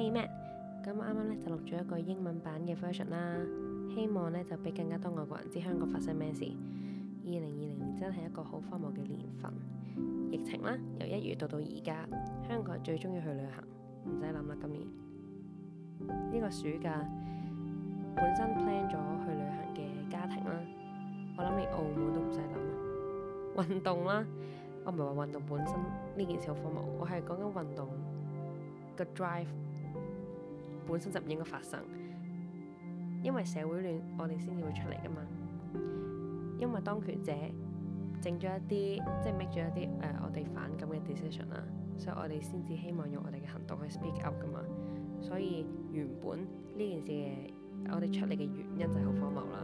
Hey man，咁啱啱咧就錄咗一個英文版嘅 version 啦，希望咧就俾更加多外國人知香港發生咩事。二零二零年真係一個好荒謬嘅年份，疫情啦，由一月到到而家，香港最中意去旅行，唔使諗啦。今年呢個暑假本身 plan 咗去旅行嘅家庭啦，我諗你澳門都唔使諗啦。運動啦，我唔係話運動本身呢件事好荒謬，我係講緊運動個 drive。本身就唔應該發生，因為社會亂，我哋先至會出嚟噶嘛。因為當權者整咗一啲，即係 make 咗一啲誒、呃、我哋反感嘅 decision 啦，所以我哋先至希望用我哋嘅行動去 speak up 噶嘛。所以原本呢件事嘅我哋出嚟嘅原因就係好荒謬啦，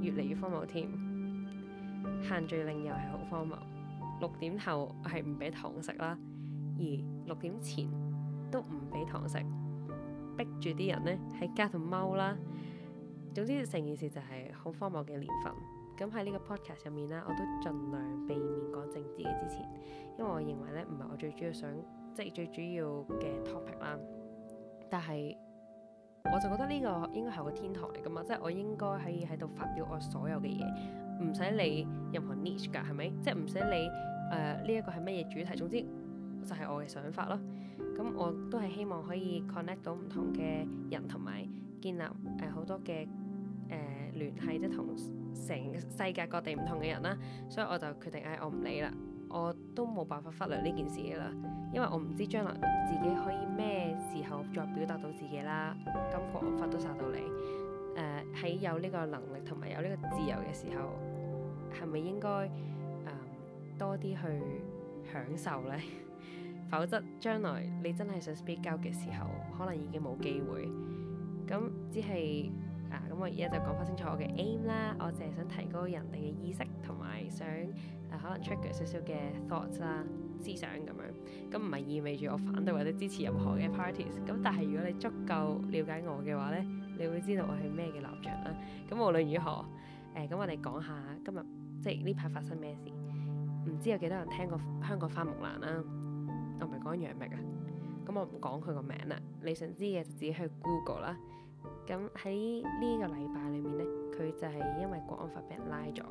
越嚟越荒謬添。限聚令又係好荒謬，六點後係唔俾堂食啦，而六點前都唔俾堂食。逼住啲人咧喺街度踎啦，總之成件事就係好荒謬嘅年份。咁喺呢個 podcast 入面啦，我都盡量避免講政治嘅之前，因為我認為咧唔係我最主要想，即係最主要嘅 topic 啦。但係我就覺得呢個應該係個天堂嚟噶嘛，即係我應該可以喺度發表我所有嘅嘢，唔使理任何 niche 噶，係咪？即係唔使理誒呢一個係乜嘢主題，總之就係、是、我嘅想法咯。咁我都係希望可以 connect 到唔同嘅人同埋建立誒好、呃、多嘅誒、呃、聯繫，即同成世界各地唔同嘅人啦。所以我就決定誒，我唔理啦，我都冇辦法忽略呢件事噶啦。因為我唔知將來自己可以咩時候再表達到自己啦。咁我發都發到你，誒、呃、喺有呢個能力同埋有呢個自由嘅時候，係咪應該、呃、多啲去享受呢？否則，將來你真係想 speak out 嘅時候，可能已經冇機會。咁只係啊，咁我而家就講翻清楚我嘅 aim 啦。我淨係想提高人哋嘅意識，同埋想誒、啊、可能 trigger 少少嘅 thoughts 啦，思想咁樣。咁唔係意味住我反對或者支持任何嘅 parties。咁但係如果你足夠了解我嘅話咧，你會知道我係咩嘅立場啦。咁無論如何，誒、欸、咁我哋講下今日即係呢排發生咩事。唔知有幾多人聽過香港花木蘭啦？Oh my God, 我唔係講楊冪啊，咁我唔講佢個名啦。你想知嘅就自己去 Google 啦。咁喺呢個禮拜裏面呢，佢就係因為國安法俾人拉咗，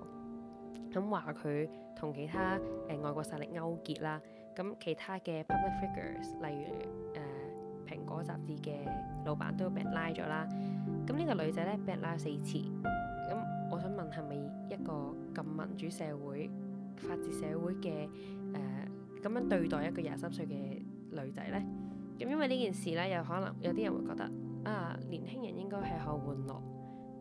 咁話佢同其他誒、呃、外國勢力勾結啦。咁其他嘅 public figures，例如誒、呃、蘋果雜誌嘅老闆都俾人拉咗啦。咁呢個女仔呢，俾人拉四次。咁我想問係咪一個咁民主社會、法治社會嘅誒？呃咁樣對待一個廿三歲嘅女仔呢？咁因為呢件事呢，有可能有啲人會覺得啊，年輕人應該係可以玩樂，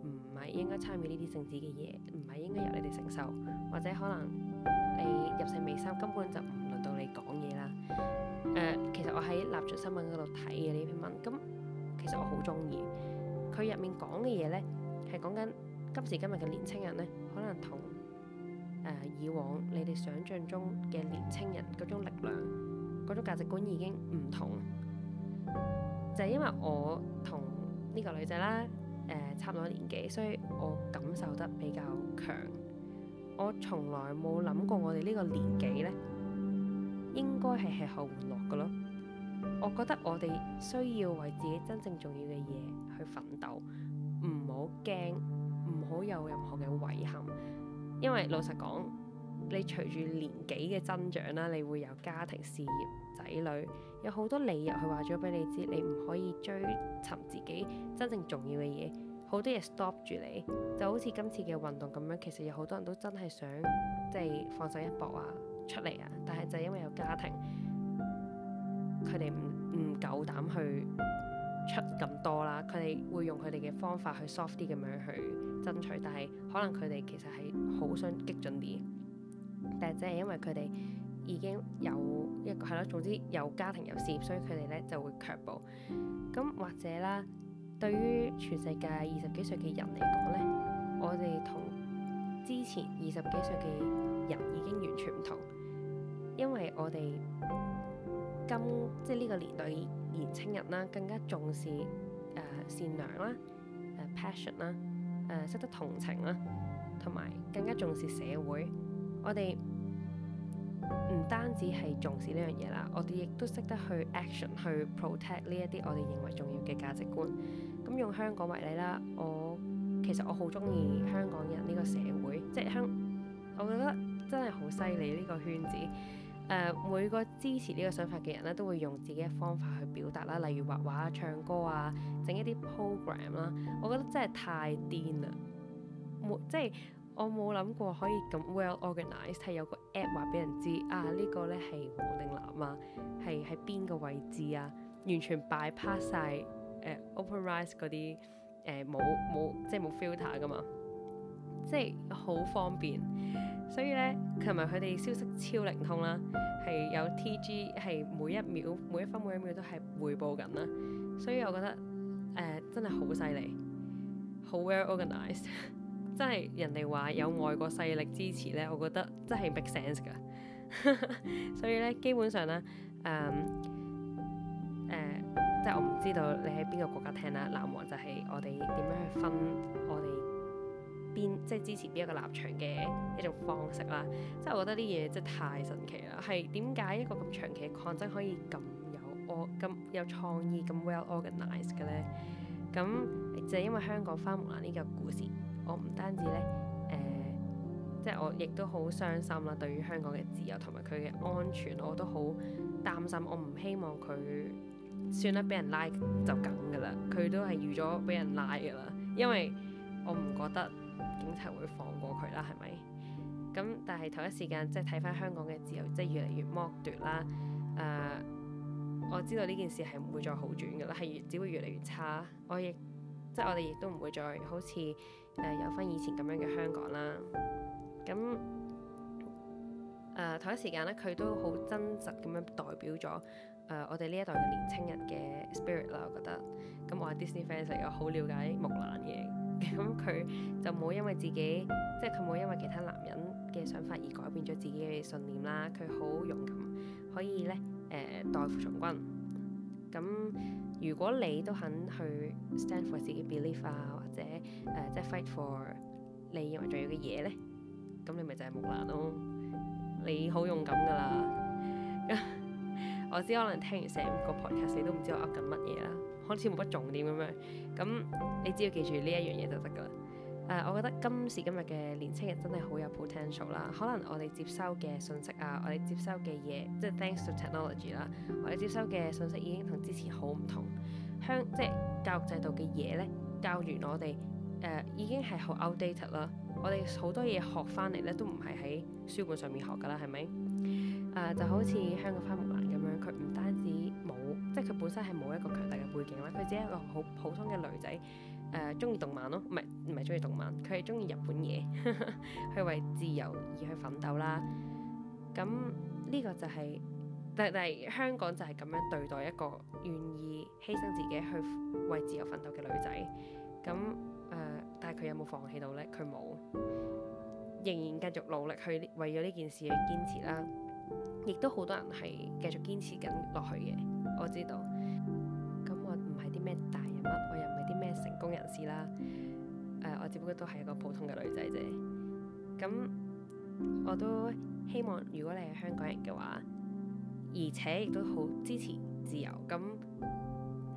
唔係應該參與呢啲政治嘅嘢，唔係應該由你哋承受，或者可能你入世未深，根本就唔輪到你講嘢啦。其實我喺立場新聞嗰度睇嘅呢篇文，咁其實我好中意佢入面講嘅嘢呢，係講緊今時今日嘅年輕人呢，可能同，誒、啊，以往你哋想像中嘅年輕人嗰種力量、嗰種價值觀已經唔同，就係、是、因為我同呢個女仔啦，誒、啊，差唔多年紀，所以我感受得比較強。我從來冇諗過，我哋呢個年紀呢應該係吃喝玩樂嘅咯。我覺得我哋需要為自己真正重要嘅嘢去奮鬥，唔好驚，唔好有任何嘅遺憾。因為老實講，你隨住年紀嘅增長啦，你會有家庭、事業、仔女，有好多理由去話咗俾你知，你唔可以追尋自己真正重要嘅嘢，好多嘢 stop 住你。就好似今次嘅運動咁樣，其實有好多人都真係想即係、就是、放手一搏啊，出嚟啊，但係就係因為有家庭，佢哋唔唔夠膽去。出咁多啦，佢哋會用佢哋嘅方法去 soft 啲咁樣去爭取，但係可能佢哋其實係好想激進啲，但係即係因為佢哋已經有一個係咯，總之有家庭有事業，所以佢哋咧就會卻步。咁或者啦，對於全世界二十幾歲嘅人嚟講咧，我哋同之前二十幾歲嘅人已經完全唔同，因為我哋。今即係呢個年代年青人啦、啊，更加重視誒、呃、善良啦、啊、誒、呃、passion 啦、啊、誒、呃、識得同情啦、啊，同埋更加重視社會。我哋唔單止係重視呢樣嘢啦，我哋亦都識得去 action 去 protect 呢一啲我哋認為重要嘅價值觀。咁、嗯、用香港為例啦，我其實我好中意香港人呢個社會，即係香，我覺得真係好犀利呢個圈子。誒、uh, 每個支持呢個想法嘅人咧，都會用自己嘅方法去表達啦，例如畫畫、唱歌啊，整一啲 program 啦。我覺得真係太癲啦！即係我冇諗過可以咁 well organized 係有個 app 話俾人知啊，這個、呢個咧係胡定立啊，係喺邊個位置啊？完全 bypass 晒誒、呃、OpenRise 嗰啲誒冇、呃、冇即係冇 filter 噶嘛，即係好方便。所以咧，琴日佢哋消息超靈通啦，係有 T G，係每一秒、每一分、每一秒都係彙報緊啦。所以我覺得誒、呃、真係好犀利，好 well o r g a n i z e d 真係人哋話有外國勢力支持咧，我覺得真係 make sense 㗎。所以咧，基本上咧，誒、嗯、誒、呃，即係我唔知道你喺邊個國家聽啦。南王就係我哋點樣去分我哋。邊即係支持邊一個立場嘅一種方式啦，即係我覺得呢嘢真係太神奇啦。係點解一個咁長期嘅抗爭可以咁有我咁有創意、咁 well organized 嘅咧？咁就係、是、因為香港花木蘭呢個故事，我唔單止咧誒，即、呃、係、就是、我亦都好傷心啦。對於香港嘅自由同埋佢嘅安全，我都好擔心。我唔希望佢算啦，俾人拉就梗㗎啦。佢都係預咗俾人拉㗎啦，因為我唔覺得。警察會放過佢啦，係咪？咁但係同一時間，即係睇翻香港嘅自由，即係越嚟越剝奪啦。誒、呃，我知道呢件事係唔會再好轉㗎啦，係越只會越嚟越差。我亦即係我哋亦都唔會再好似誒、呃、有翻以前咁樣嘅香港啦。咁誒、呃、同一時間咧，佢都好真實咁樣代表咗誒、呃、我哋呢一代嘅年輕人嘅 spirit 啦。我覺得咁，我係 Disney fans 又好了解木蘭嘅。咁佢就冇因為自己，即係佢冇因為其他男人嘅想法而改變咗自己嘅信念啦。佢好勇敢，可以咧，誒、呃，代父從軍。咁如果你都肯去 stand for 自己 belief 啊，或者誒，即、呃、係、就是、fight for 你認為重要嘅嘢咧，咁你咪就係木蘭咯。你好勇敢噶啦。我知可能聽完成個 podcast，你都唔知我噏緊乜嘢啦。好似冇乜重點咁樣，咁你只要記住呢一樣嘢就得㗎啦。誒，我覺得今時今日嘅年青人真係好有 potential 啦。可能我哋接收嘅信息啊，我哋接收嘅嘢，即係 thanks to technology 啦，我哋接收嘅信息已經同之前好唔同。香即係教育制度嘅嘢咧，教完我哋誒已經係好 outdated 啦。我哋好多嘢學翻嚟咧，都唔係喺書本上面學噶啦，係咪？誒、uh, 就好似香港花木蘭咁樣，佢唔單止冇，即係佢本身係冇一個強大嘅背景啦，佢只係一個好普通嘅女仔誒，中、呃、意動漫咯，唔係唔係中意動漫，佢係中意日本嘢， 去為自由而去奮鬥啦。咁呢、呢個就係、是，但係香港就係咁樣對待一個願意犧牲自己去為自由奮鬥嘅女仔咁。誒、呃，但係佢有冇放棄到呢？佢冇，仍然繼續努力去為咗呢件事去堅持啦。亦都好多人係繼續堅持緊落去嘅。我知道，咁我唔係啲咩大人物，我又唔係啲咩成功人士啦。誒、呃，我只不過都係一個普通嘅女仔啫。咁我都希望，如果你係香港人嘅話，而且亦都好支持自由。咁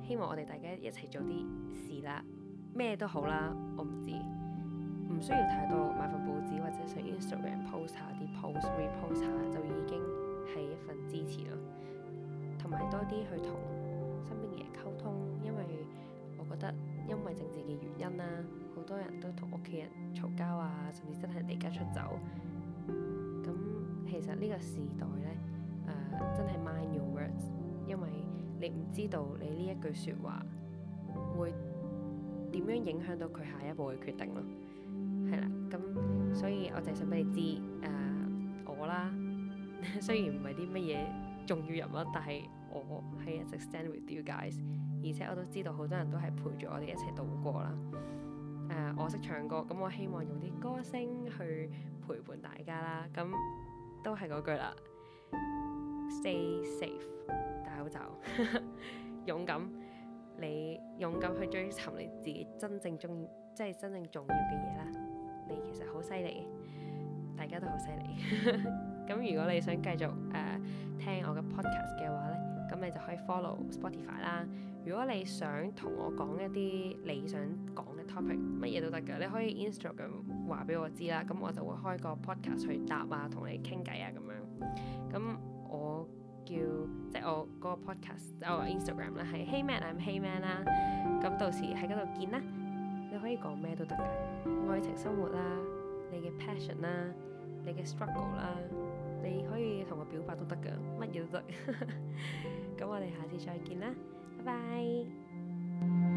希望我哋大家一齊做啲事啦。咩都好啦，我唔知，唔需要太多買份報紙或者上 Instagram post 下啲 post，repost 下就已經係一份支持啦。同埋多啲去同身邊嘅人溝通，因為我覺得因為政治嘅原因啦，好多人都同屋企人嘈交啊，甚至真係離家出走。咁其實呢個時代呢，呃，真係 mind your words，因為你唔知道你呢一句説話會點樣影響到佢下一步嘅決定咯。係啦，咁所以我就係想俾你知，誒、uh, 我啦， 雖然唔係啲乜嘢重要人物，但係我係一直 stand with you guys，而且我都知道好多人都係陪住我哋一齊度過啦。誒、uh, 我識唱歌，咁我希望用啲歌聲去陪伴大家啦。咁都係嗰句啦，stay safe，戴口罩， 勇敢。你勇敢去追尋你自己真正中意，即係真正重要嘅嘢啦。你其實好犀利，大家都好犀利。咁 如果你想繼續誒、uh, 聽我嘅 podcast 嘅話咧，咁你就可以 follow Spotify 啦。如果你想同我講一啲你想講嘅 topic，乜嘢都得㗎，你可以 Instagram 話俾我知啦。咁我就會開個 podcast 去答啊，同你傾偈啊咁樣。咁叫即係我嗰個 podcast，即我 Instagram 啦，係 Hey Man 啊，I'm Hey Man 啦，咁到時喺嗰度見啦。你可以講咩都得㗎，愛情生活啦，你嘅 passion 啦，你嘅 struggle 啦，你可以同我表白都得㗎，乜嘢都得。咁 我哋下次再見啦，拜拜。